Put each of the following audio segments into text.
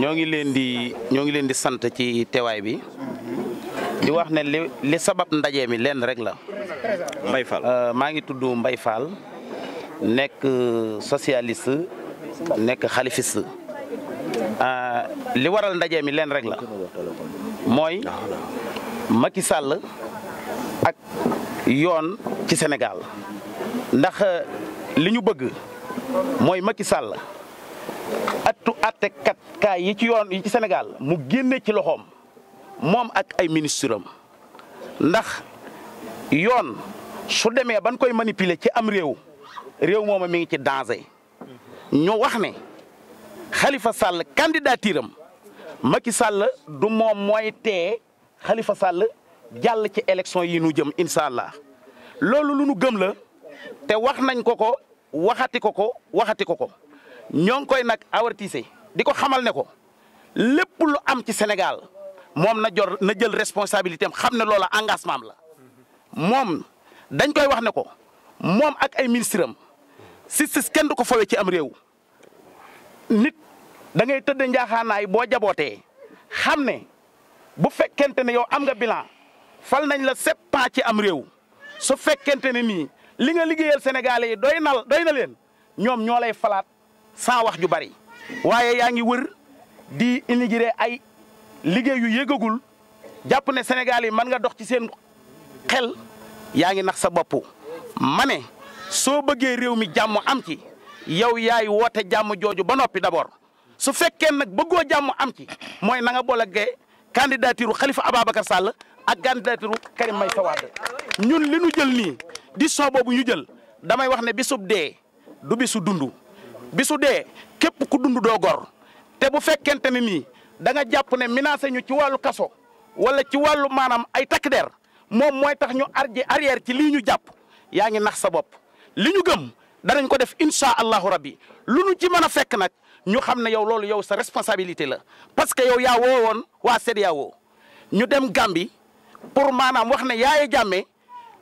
ñoo ngi leen di ñoo ngi leen di sant ci teewaay bi mhm. di wax ne li sabab ndaje mi leen rek la. Mbaye Fall euh, maa ngi tudd mbay Fall nekk socialiste nekk xalifiste euh, li waral ndaje mi leen rek la mooy Macky Sall ak yoon ci senegal ndax euh, li ñu bëgg mooy Macky Sall. attu attekat kaay yi ci yoon yi ci senegal mu génne ci loxoom moom ak ay ministre ndax yoon su demee ban koy manipuler ci am réew réew moom mi ngi ci danger ñoo wax ne xalifa sàll candidature am Macky Sall du moom mooy tee Khalifa Sall jàll ci élection yi nu jëm incha loolu lu nu gëm la te wax nañ ko ko waxati ko ko waxati ko ko. ñoo ngi koy nag avertise di ko xamal ne ko lépp lu am ci Sénégal moom na jor na jël responsabilité am xam ne loola engagement la moom dañ koy wax ne ko moom ak ay ministre am si kenn du ko fawee ci am réew nit da ngay tëdd njaaxaanaay boo jabootee xam ne bu fekkente ne yow am nga bilan fal nañ la sept ci am réew su fekkente ne nii li nga liggéeyal Sénégalais yi doy na doy na leen ñoom ñoo lay falaat sans wax ju bari waaye yaa ngi wër di inaugurer ay liggéey yu yëgagul jàpp ne senegali yi mën nga dox ci seen xel yaa ngi nax sa bopp ma ne soo bëggee réew mi jàmm am ci yow yaay woote jàmm jooju ba noppi d'abord su fekkee nag bëggoo jàmm am ci mooy na nga boolagee candidature Khalifa Ababacar Sall ak candidature Karim Meïssa Wade ñun li nu jël nii décision boobu ñu jël damay wax ne bisub dee du bisu dund bi su dee képp ku dund doo gor te bu fekkente ne nii da jàpp ne menacé ñu ci wàllu kaso wala ci wàllu maanaam ay takk der moom mooy tax ñu arji arrière ci lii ñu jàpp yaa ngi nax sa bopp li ñu gëm danañ ko def insha allahu rabbi lu nu ci mën a fekk nag ñu xam ne yow loolu yow sa responsabilité la parce que yow yaa woo woon waa CEDEAO ñu dem Gambie pour maanaam wax ne Yaya Jammeh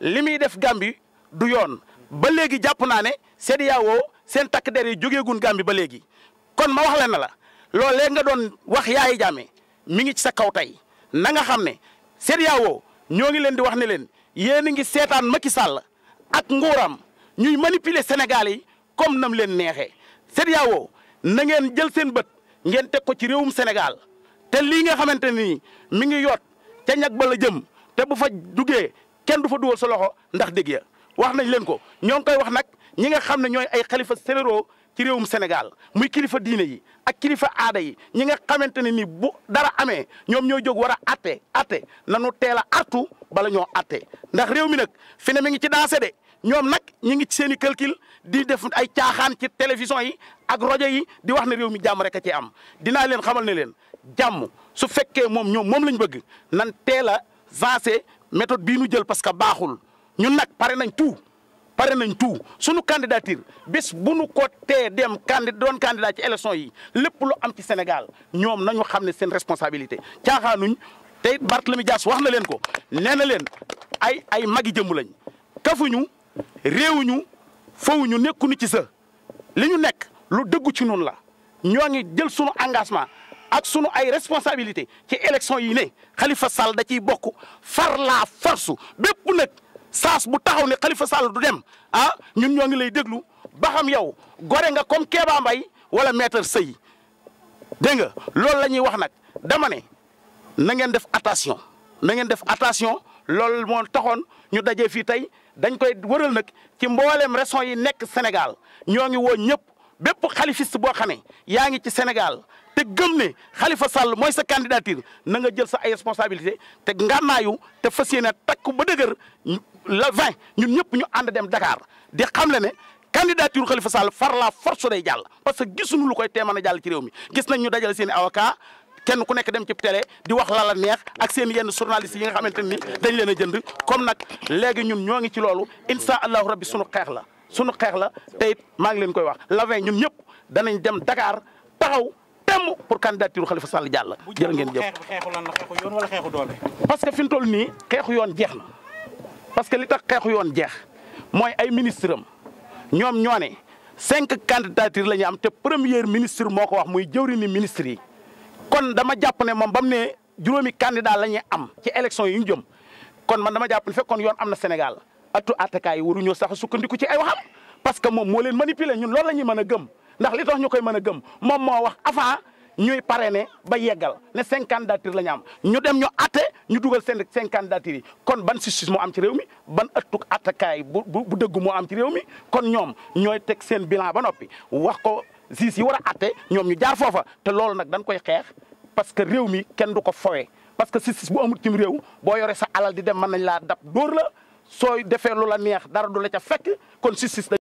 li muy def Gambie du yoon ba léegi jàpp naa ne CEDEAO seen takk der yi jógeegun Gàmbi ba léegi kon ma wax la ne la loolee nga doon wax Yaya Jammeh mi ngi ci sa kaw tey na nga xam ne CEDEAO ñoo ngi leen di wax ne leen yéen a ngi seetaan Macky Sall ak nguuram ñuy manipuler Sénégal yi comme nam leen neexee CEDEAO na ngeen jël seen bët ngeen teg ko ci réewum Sénégal te lii nga xamante ni mi ngi yoot ca ñag bala jëm te bu fa duggee kenn du fa dugal sa loxo ndax dëgg ya wax nañ leen ko ñoo ngi koy wax nag ñi nga xam ne ñooy ay xalifa sénéro ci réewum Sénégal muy kilifa diine yi ak kilifa aada yi ñi nga xamante ne ni bu dara amee ñoom ñoo jóg war a atte atte nanu teel a artu bala ñoo atte ndax réew mi nag fi ngi ci dansé de ñoom nag ñi ngi ci seen i calcul di def ay caaxaan ci télévision yi ak rajo yi di wax ne réew mi jàmm rek a ci am dinaa leen xamal ne leen jàmm su fekkee moom ñoom moom lañ bëgg nan teel a vancé méthode bii nu jël parce que baaxul ñun nag pare nañ tout pare nañ tout suñu candidature bés bu nu ko tee dem candi doon candidat ci élection yi lépp lu am ci Sénégal ñoom nañu xam ne seen responsabilité caaxaanuñ te it Barthélemy Dias wax na leen ko nee na leen ay ay magi jëmm lañ kafuñu réewuñu fawuñu nekkuñu ci sa li ñu nekk lu dëggu ci noonu la ñoo ngi jël sunu engagement ak sunu ay responsabilité ci élection yi ne xalifa Sall da ciy bokk far la force bépp nag saas bu taxaw ne xalifa Sall du dem ah ñun ñoo ngi lay déglu ba xam yow gore nga comme Kéba Mbaye wala maître Sey dégg nga loolu la ñuy wax nag damane ne na ngeen def attention na ngeen def attention loolu moo taxoon ñu dajee fii tey dañ koy wëral nag ci mboolem régions yi nekk Sénégal ñoo ngi woo ñëpp bépp xalifiste boo xamee yaa ngi ci Sénégal te gëm ne Khalifa Sall mooy sa candidature na nga jël sa ay responsabilité te ngànnaayu te fas yéene takku ba dëgër le 20 ñun ñëpp ñu ànd dem Dakar di xam le ne candidature Khalifa Sall far la force day jàll parce que gisuñu lu koy tee mën a jàll ci réew mi gis nañ ñu dajal seen i avocat kenn ku nekk dem ci télé di wax la la neex ak seen yenn journalistes yi nga xamante ni dañ leen a jënd comme nag léegi ñun ñoo ngi ci loolu insha allahu rabbi sunu xeex la sunu xeex la te maa ngi leen koy wax la ñun ñëpp danañ dem Dakar taxaw temm pour candidature Khalifa Sall jàll jërë ngeen jëf parce que fi mu toll nii yoon jeex na parce que li tax xeexu yoon jeex mooy ay ministre am ñoom ñoo ne cinq candidature la ñu am te premier ministre moo ko wax muy jëwrini ministre yi. kon dama jàpp ne moom ba mu ne juróomi candidat la ñuy am ci élection yi ñu jëm kon man dama jàpp ne fekkoon yoon am na Sénégal atu attakaa yi waruñoo sax sukkandiku ci ay waxam parce que moom moo leen manipuler ñun loolu la ñuy mën a gëm ndax li tax ñu koy mën a gëm moom moo wax avant. ñuy parrainé ba yeggal ne cinquante candidatures la ñu am ñu dem ñu ate ñu dugal seen cinq candidatures kon ban justice moo am ci réew mi ban ëttug attakaay bu bu dëgg moo am ci réew mi kon ñoom ñooy teg seen bilan ba noppi wax ko juge yi war a atte ñoom ñu jaar foofa te loolu nag dañ koy xeex parce que réew mi kenn du ko fowe parce que justice bu amul tim réew boo yoree sa alal di dem mën nañ laa dab dóor la sooy defee lu la neex dara du la ca fekk kon justice